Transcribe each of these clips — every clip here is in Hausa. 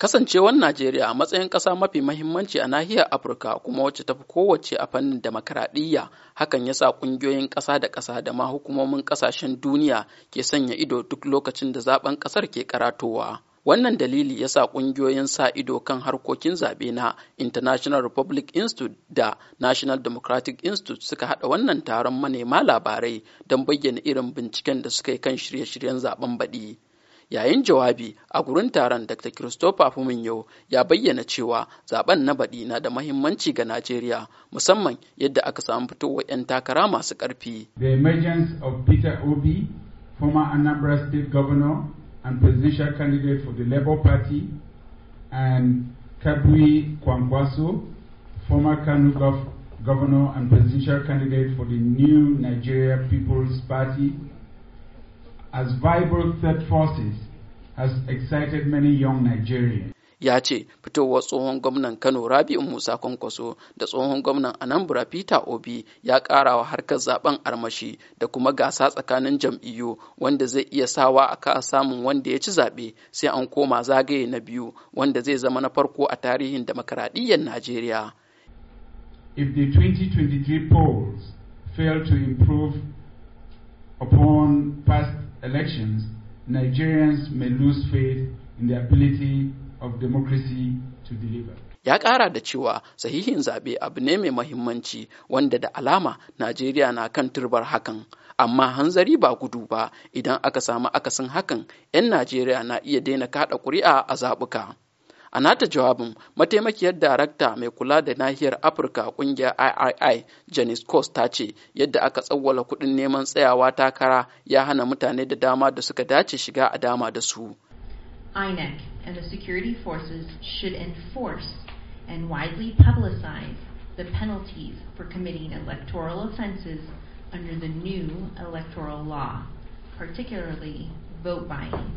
Kasancewar Najeriya a matsayin ƙasa mafi mahimmanci a nahiyar Afirka kuma wacce tafi kowace a fannin dimokuraɗiyya, hakan ya sa ƙungiyoyin ƙasa da ƙasa da ma hukumomin ƙasashen duniya ke sanya ido duk lokacin da zaben ƙasar ke karatowa. Wannan dalili ya sa ƙungiyoyin sa ido kan harkokin zaɓe na International Republic Institute da National Democratic Institute suka haɗa wannan taron manema labarai don bayyana irin binciken da suka yi kan shirye-shiryen zaben baɗi. yayin jawabi a gurin taron dr christopher fuminyo ya bayyana cewa zaben na baɗi na da mahimmanci ga najeriya musamman yadda aka samu fitowar 'yan takara masu ƙarfi the emergence of peter obi former anambra state governor and presidential candidate for the labour party and kabui kwangwaso former kanu governor and presidential candidate for the new nigeria people's party as Bible third forces has excited many young Nigerians. ya ce fitowar tsohon gwamnan kano rabi'u musa kwankwaso da tsohon gwamnan anambra peter obi ya ƙara wa harkar zaben armashi da kuma gasa tsakanin jam'iyyu wanda zai iya sawa a ka samun wanda ya ci zaɓe sai an koma zagaye na biyu wanda zai zama na farko a tarihin demokaradiyyar najeriya if the 2023 polls fail to improve upon past elections, Nigerians may lose faith in the ability of democracy to deliver. ya ƙara da cewa sahihin zaɓe abu ne mai mahimmanci wanda da alama najeriya na kan turbar hakan amma hanzari ba gudu ba idan aka samu akasin hakan 'yan najeriya na iya daina kaɗa ƙuri'a a zaɓuka. A nata jawabin mataimakiyar darakta mai kula da nahiyar Afirka kungiyar III Janice Coast ta ce yadda aka tsawwala kuɗin neman tsayawa takara ya hana mutane da dama da suka dace shiga a dama da su. INEC and the security forces should enforce and widely publicize the penalties for committing electoral offenses under the new electoral law, particularly vote buying.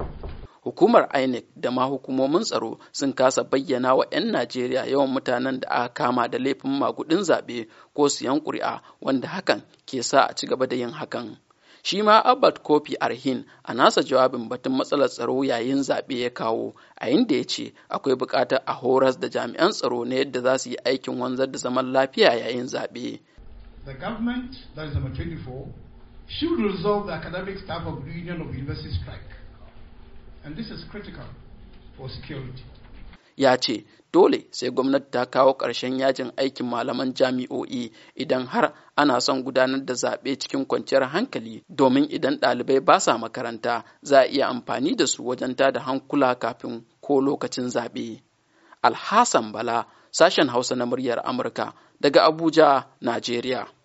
Hukumar INEC da ma hukumomin tsaro sun kasa bayyana wa 'yan Najeriya yawan mutanen da aka kama da laifin magudin zaɓe ko siyan ƙuri'a wanda hakan ke sa a ci gaba da yin hakan. shi ma Albert Kofi Arhin a nasa jawabin batun matsalar tsaro yayin zaɓe ya kawo a inda ya ce akwai buƙatar a horas da jami'an tsaro na yadda za su yi aikin wanzar da zaman lafiya yayin zaɓe. The government, that is number 24, should resolve the academic staff of the Union of University strike. Ya ce, dole sai gwamnati ta kawo ƙarshen yajin aikin malaman jami'o'i idan har ana son gudanar da zaɓe cikin kwanciyar hankali domin idan ɗalibai ba sa makaranta za a iya amfani da su wajen tada hankula kafin ko lokacin zaɓe. Alhassan Bala, sashen Hausa na muryar Amurka, daga Abuja, Najeriya.